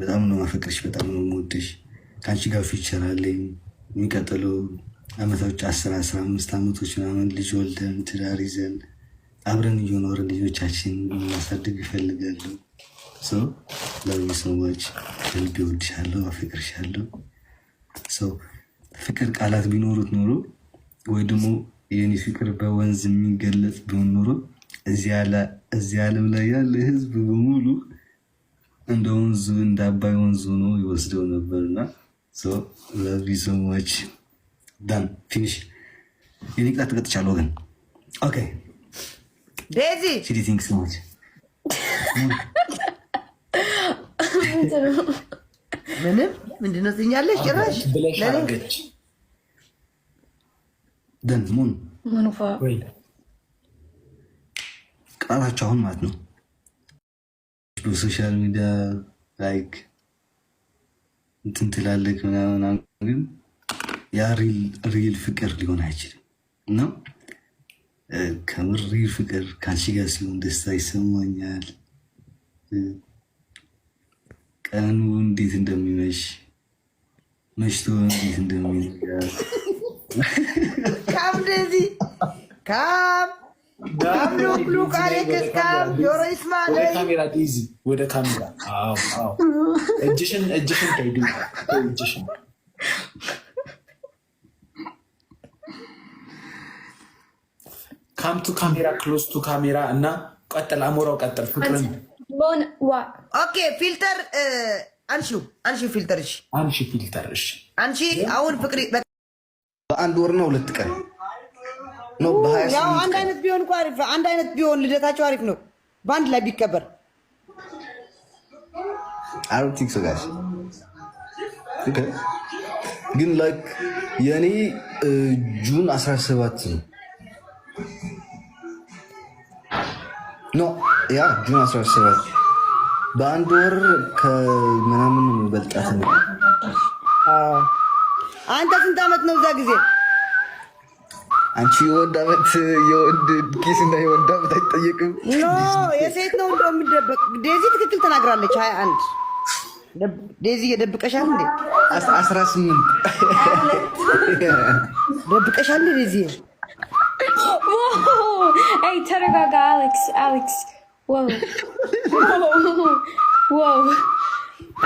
በጣም ነው ማፈቅርሽ፣ በጣም ነው የምወድሽ። ከአንቺ ጋር ፊውቸር አለኝ። የሚቀጥሉ አመታዎች አስር አስራ አምስት አመቶች ምናምን ልጅ ወልደን ትዳር ይዘን አብረን እየኖርን ልጆቻችን ማሳደግ ይፈልጋሉ። ሰው ለዊ ሰዎች ልብ ይወድሻለሁ፣ አፈቅርሻለሁ። ሰው ፍቅር ቃላት ቢኖሩት ኖሮ ወይ ደግሞ የኔ ፍቅር በወንዝ የሚገለጽ ቢሆን ኖሮ እዚህ ዓለም ላይ ያለ ህዝብ በሙሉ እንደ ወንዙ እንደ አባይ ወንዙ ነው ይወስደው ነበርና ሰዎች ዳን ፊኒሽ የኔ ቅጣት ተቀጥቻለሁ። ግን ኦኬ ዴዚ ሺ ቲንክስ ማች ምንም ምንድነው ትኛለሽ? ጭራሽ ደን ሙን ቅጣታቸው አሁን ማለት ነው በሶሻል ሚዲያ ላይክ እንትን ትላለክ ምናምን፣ ግን ያ ሪል ፍቅር ሊሆን አይችልም እና ከምር ሪል ፍቅር ከአንቺ ጋር ሲሆን ደስታ ይሰማኛል። ቀኑ እንዴት እንደሚመሽ መሽቶ እንዴት እንደሚነጋ ካብ ደዚ ካብ ወደ ካሜራ እጅሽን እጅሽን እጅሽን ካምቱ ካሜራ ክሎስቱ ካሜራ እና ቀጥል፣ አሞራው ቀጥል። ፍቅርን ኦኬ፣ ፊልተር አንሺ ፊልተር፣ እሺ፣ አንሺ ፊልተር፣ እሺ፣ አንሺ። አሁን ፍቅሪ በአንድ ወር ነው ሁለት ቀን ያው አንድ አይነት ቢሆን እኮ አሪፍ ነው። አንድ አይነት ቢሆን ልደታቸው አሪፍ ነው፣ በአንድ ላይ ቢከበር። ግን ላይክ የኔ ጁን 17 ነው ኖ ያ ጁን 17 በአንድ ወር ከምናምን በልጣት ነው። አንተ ስንት ዓመት ነው እዛ ጊዜ? አንቺ የወንድ አመት የወንድ ኪስ እና የወንድ አመት አይጠየቅም። ኖ የሴት ነው እንደው የሚደበቅ። ዴዚ ትክክል ተናግራለች። ሀያ አንድ ዴዚ የደብቀሻል እንዴ? አስራ ስምንት ደብቀሻል እንዴ? ዴዚ አይ ተረጋጋ አሌክስ፣ አሌክስ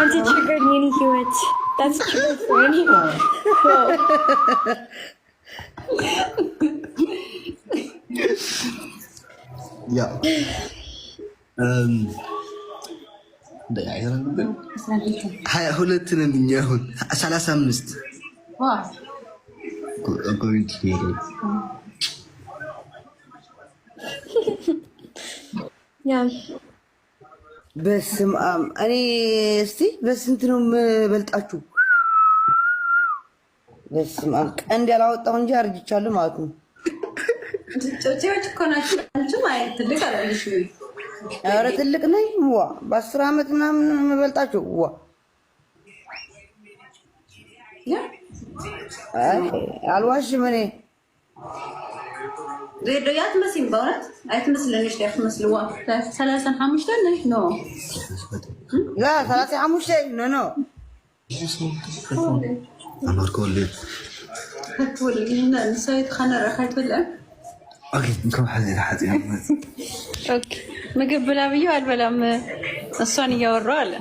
አንተ ችግር የኔ ህይወት Ja. ሀያ ሁለት ነን እኛ አሁን ሰላሳ አምስት በስመ አብ። እኔ እስቲ በስንት ነው የምበልጣችሁ? ቀንድ ያላወጣሁ እንጂ አርጅቻለሁ ማለት ነው። ጨውጨዎች እኮ ናቸው። ትልቅ ኧረ ትልቅ ነኝ። ዋ በአስር ዓመት ምናምን የምበልጣቸው ዋ አልዋሽም። እኔ ሬዲዮ አትመስይም፣ በእውነት አይትመስልንሽ ያትመስል ዋ ሰላሳ ሐሙሽተ ነሽ ነው ላ ሰላሳ ሐሙሽተ ነ ነው ኣማርኮ ወልድ ክትወልድ ንሰበይትካ ነረካ ይትበልዐ ከም ሓዚላ ሓፂና ምግብ ብላ ብዮ ኣልበላም እሷን እያወሮ ኣለ